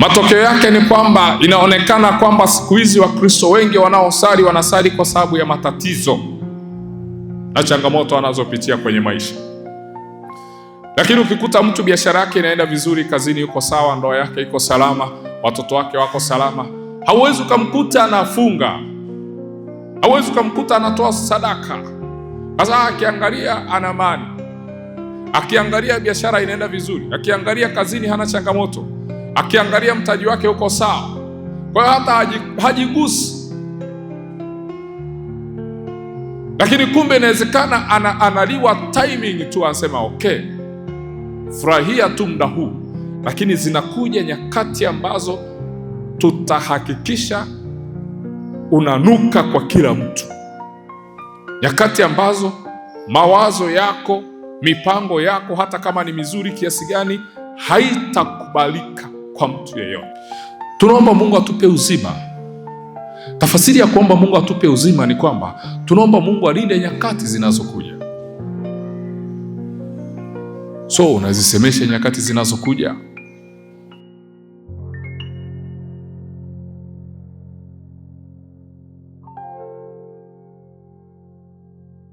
Matokeo yake ni kwamba inaonekana kwamba siku hizi Wakristo wengi wanaosali wanasali kwa sababu ya matatizo na changamoto wanazopitia kwenye maisha. Lakini ukikuta mtu biashara yake inaenda vizuri, kazini yuko sawa, ndoa yake iko salama, watoto wake wako salama, hauwezi ukamkuta anafunga, hauwezi ukamkuta anatoa sadaka. Sasa akiangalia ana amani, akiangalia biashara inaenda vizuri, akiangalia kazini hana changamoto akiangalia mtaji wake uko sawa, kwa hiyo hata hajigusi. Lakini kumbe inawezekana ana, analiwa timing tu, anasema okay, furahia tu muda huu, lakini zinakuja nyakati ambazo tutahakikisha unanuka kwa kila mtu, nyakati ambazo mawazo yako mipango yako hata kama ni mizuri kiasi gani haitakubalika kwa mtu yeyote. Tunaomba Mungu atupe uzima. Tafasiri ya kuomba Mungu atupe uzima ni kwamba tunaomba Mungu alinde nyakati zinazokuja. So unazisemesha nyakati zinazokuja.